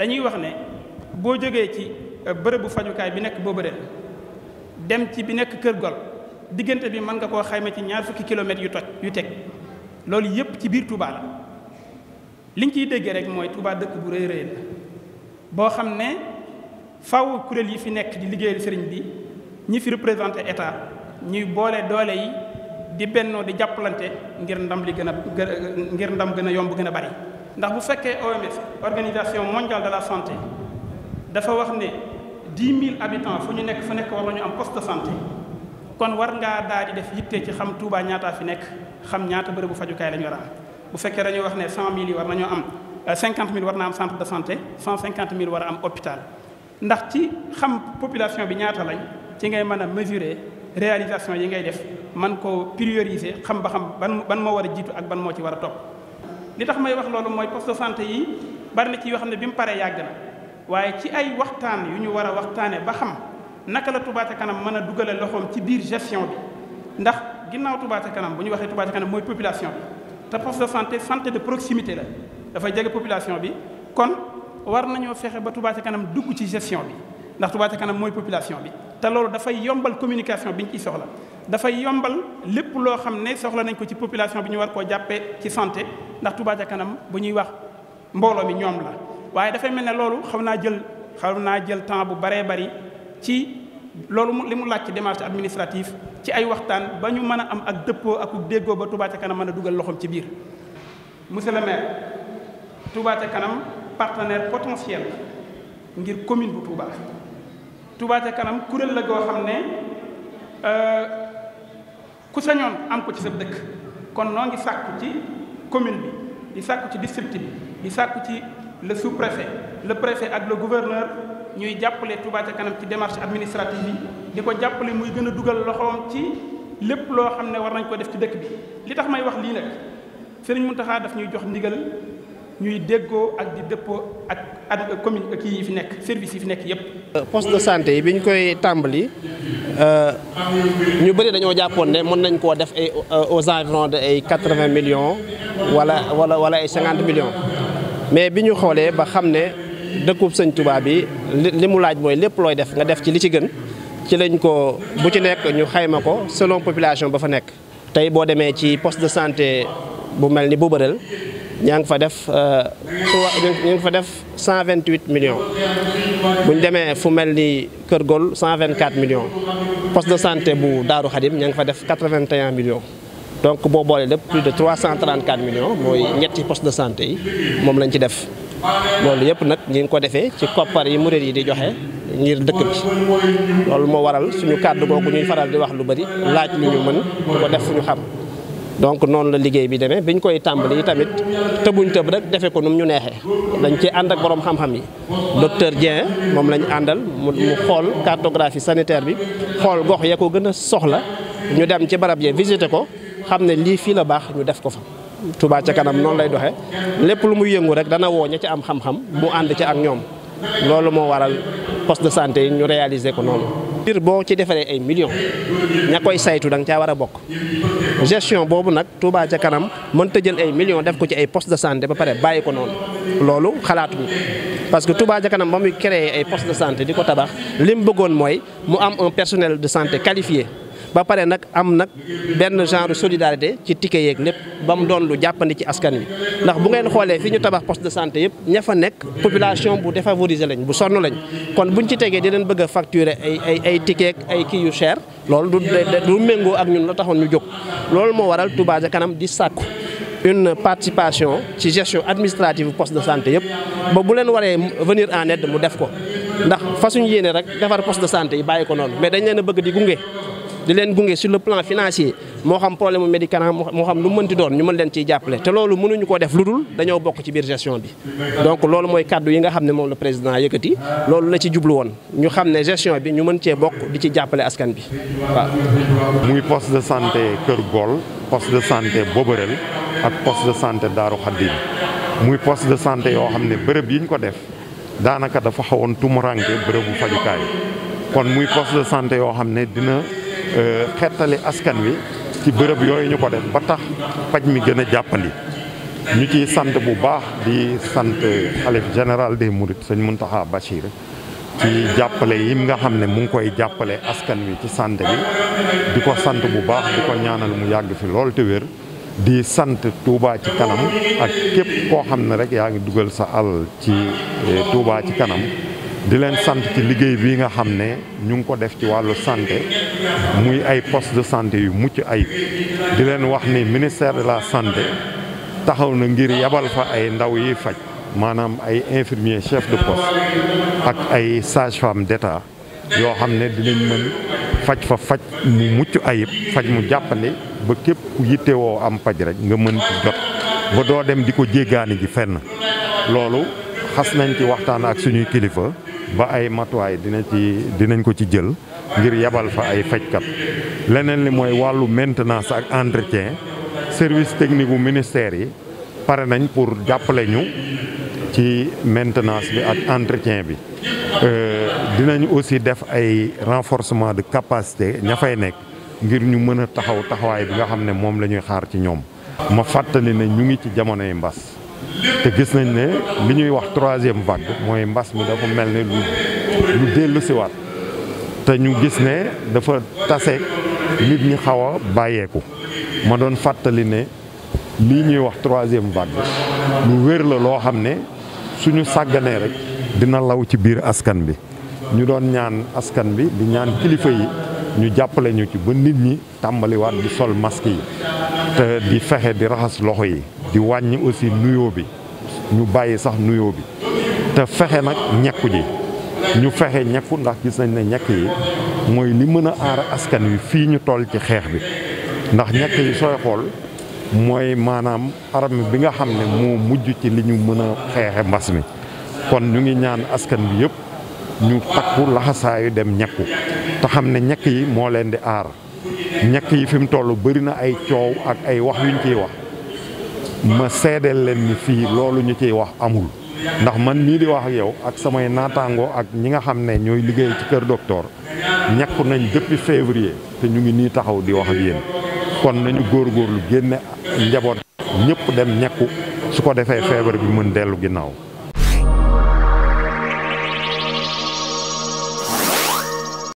dañuy wax ne boo jógee ci euh, bërëbu fajukaay bi nekk boobu dem ci bi nekk Kër Gol diggante bi mën nga koo xayma ci ñaar fukki kilomètres yu toj yu teg loolu yëpp ci biir Touba la liñ ciy déggee rek mooy Touba dëkk bu rëy rëy la boo xam ne faw kuréel yi fi nekk di liggéeyal sëriñ bi ñi fi représenté état ñuy boole doole yi di bennoo di jàppalante ngir ndam li gën a ngir ndam gën a yomb gën a bari ndax bu fekkee OMS organisation mondiale de la santé dafa wax ne dix mille habitants fu ñu nekk fu nekk war nañu am poste de santé kon war ngaa daal di def yitte ci xam Touba ñaataa fi nekk xam ñaata bërëbu fajukaay la ñu war a am bu fekkee dañuy wax ne cent mille war nañoo am euh, cinquante mille war na am centre de santé cent cinquante mille war am hôpital ndax ci xam population bi ñaata lañ ci ngay mën a mesurer réalisation yi ngay def man koo prioriser xam ba xam ban ban moo war a jiitu ak ban moo ci war a topp li tax may wax loolu mooy poste de santé yi bari na ci yoo xam ne bi mu paree yàgg na waaye ci ay waxtaan yu ñu war a waxtaanee ba xam naka la Touba ca kanam mën a dugale loxoom ci biir gestion bi ndax ginnaaw Touba kanam bu ñu waxee Touba kanam mooy population bi te poste de santé santé de proximité la dafay jege population bi kon war nañoo fexe ba Touba kanam dugg ci gestion bi ndax Touba ca kanam mooy population bi te loolu dafay yombal communication bi ñu ciy soxla dafay yombal lépp loo xam ne soxla nañ ko ci population bi ñu war koo jàppee ci santé ndax Touba ca kanam bu ñuy wax mbooloo mi ñoom la waaye dafay mel ne loolu xaw naa jël xaw naa jël temps bu baree bari ci loolu li mu laaj ci démarche administrative ci ay waxtaan ba ñu mën a am ak dëppoo ak déggoo ba Touba ca kanam mën a dugal loxoom ci biir monsieur le maire Touba kanam partenaire potentiel ngir commune bu Touba Touba kanam kuréel la goo xam ne euh, ku sañoon am ko ci sa dëkk kon noo ngi sàkku ci commune bi di sàkku ci district bi di sàkku ci le sous-préfet le préfet ak le gouverneur ñuy jàppale Touba ca kanam ci démarche administrative bi di ko jàppale muy gën a dugal loxoom ci lépp loo xam ne war nañ ko def ci dëkk bi li tax may wax lii nag Serigne taxaa daf ñuy jox ndigal ñuy déggoo ak di dëppoo ak ak commune kii yi fi nekk service yi fi nekk yépp euh, poste de santé yi bi ñu koy tàmbali Euh, ñu bëri dañoo jàppoon ne mën nañ koo def ay euh, aux de ay quatre vingt millions wala wala wala ay cinquante millions mais bi ñu xoolee ba xam ne dëkkub sañ tubaab bi li mu laaj mooy lépp looy def nga def ci li ci gën ci lañ ko bu ci nekk ñu xayma ko selon population ba fa nekk. tey boo demee ci poste de santé bu mel ni bu bëreel ñaa ngi fa def euh, ñu ngi fa def 128 millions bu ñu demee fu mel ni Kër Gol 124 millions poste de santé bu Daaru Xadim ñaa ngi fa def 81 millions donc boo boolee lépp plus de cent 334 millions mooy ñetti poste de santé yi moom lañ ci def loolu yëpp nag ñi ngi ko defee ci koppar yi murid yi di joxe ngir dëkk bi loolu moo waral suñu kàddu googu ñuy faral di wax lu bari laaj lu ñu mën ko def fu ñu xam donc noonu la liggéey bi demee biñ koy tàmbali yi tamit tëbuñ tëb rek defe ko nu ñu neexee dañ ci ànd ak boroom xam-xam yi docteur Dieng moom lañ àndal mu xool cartographie sanitaire bi xool gox ya ko gën a soxla ñu dem ci barab yee visité ko xam ne lii fii la baax ñu def ko fa Touba ca kanam noonu lay doxe lépp lu muy yëngu rek dana woo ña ca am xam-xam mu ànd ca ak ñoom loolu moo waral poste de santé yi ñu réaliser ko noonu. biir boo ci defaree ay million ña koy saytu da nga caa war a bokk gestion boobu nag Touba ca kanam mënta jël ay millions def ko ci ay poste de santé ba pare bàyyi ko noonu loolu xalaatuñu parce que Touba ca kanam ba muy créer ay poste de santé di ko tabax li mu bëggoon mooy mu am un personnel de santé qualifié. ba pare nag am nag benn genre solidarité ci ticket yeeg lépp ba mu doon lu jàppandi ci askan wi ndax bu ngeen xoolee fi ñu tabax poste de santé yëpp ña fa nekk population bu défavorisée lañ bu sonn lañ kon buñ ci tegee di leen bëgg a facturer ay ay ay ticket kii yu cher loolu du du méngoo ak ñun la taxoon ñu jóg loolu moo waral Touba ca kanam di sàkku une participation ci gestion administrative poste de santé yëpp ba bu leen waree venir en aide mu def ko ndax fasuñ yéene rek defar poste de santé yi bàyyi ko noonu mais dañ leen a bëgg di gunge di leen gunge sur le plan financier moo xam problème mu moo xam lu mënti doon ñu mën leen ciy jàppale te loolu mënuñu ko def lu dul dañoo bokk ci biir gestion bi donc loolu mooy kàddu yi nga xam ne moom la président yëkkati loolu la ci jublu woon ñu xam ne gestion bi ñu mën cee bokk di ci jàppale askan bi muy poste de santé Kër Gol poste de santé Boberel ak poste de santé Daaru Xaddim muy poste de santé yoo xam ne bërëb yi ñu ko def daanaka dafa xawoon tumuranke bërëbu Euh, xettali askan wi ci bërëb yooyu ñu ko def ba tax paj mi gën a jàppandi ñu ciy sant bu baax di sant xalif général des sañ sëñ Mountakha Bachir ci jàppale yi nga xam ne mu ngi koy jàppale askan wi ci sant bi di ko sant bu baax di ko ñaanal mu yàgg fi lool te wér di sant Touba ci kanam ak képp koo xam ne rek yaa ngi dugal sa alal ci eh, Touba ci kanam di leen sant ci liggéey bii nga xam ne ñu ngi ko def ci wàllu santé muy ay poste de santé yu mucc ayib di leen wax ni ministère de la santé taxaw na ngir yabal fa ay ndaw yiy faj maanaam ay infirmier chef de poste ak ay sage-femme d'État yoo xam ne dinañ mën faj fa faj mu mucc ayib faj mu jàppale ba képp ku yittewoo am faj rek nga mën ci jot ba doo dem di ko jéggaani ji fenn loolu xas nañ ci waxtaan ak suñuy kilifa ba ay matuwaay dina ci dinañ ko ci jël ngir yebal fa ay fajkat leneen li mooy wàllu maintenance ak entretien service technique wu ministère yi pare nañ pour jàppale ñu ci maintenance bi ak entretien bi euh, dinañ aussi def ay renforcement de capacité ña fay nekk ngir ñu mën a taxaw taxawaay bi nga xam ne moom la ñuy xaar ci ñoom ma fàttali ne ñu ngi ci jamonoy mbas te gis nañ ne li ñuy wax troisième vague mooy mbas mi dafa mel ne lu lu dellu siwaat te ñu gis ne dafa taseeg nit ñi xaw a bàyyeeku ma doon fàttali ne lii ñuy wax troisième vague lu wér la loo xam ne suñu sàgganee rek dina law ci biir askan bi ñu doon ñaan askan bi di ñaan kilifa yi ñu jàppale ñu ci ba nit ñi tàmbaliwaat di sol masque yi te di fexe di raxas loxo yi di wàññi aussi nuyoo bi ñu bàyyi sax nuyoo bi te fexe nag ñekku ji ñu fexe ñekku ndax gis nañ ne ñekk yi mooy li mën a aar askan wi fii ñu toll ci xeex bi ndax ñekk yi sooy xool mooy maanaam arme bi nga xam ne moo mujj ci li ñu mën a xeexe mbas mi kon ñu ngi ñaan askan bi yëpp ñu takku laxasaayu dem ñekku te xam ne ñekk yi moo leen di aar ñekk yi fi mu toll bëri na ay coow ak ay wax yuñ ciy wax ma seedeel leen ni fii loolu ñu ciy wax amul ndax man mii di wax ak yow ak samay naataango ak ñi nga xam ne ñooy liggéey ci kër docteur ñàkku nañ depuis février te ñu ngi nii taxaw di wax yéen kon nañu góor góor lu génne njaboot ñëpp dem ñekku su ko defee feebar bi mën dellu ginnaaw